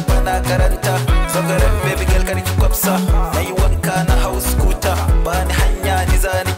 bana karanta zagaran baby girl ki na yi wanka na hau kuta ba ni hanya ni zane.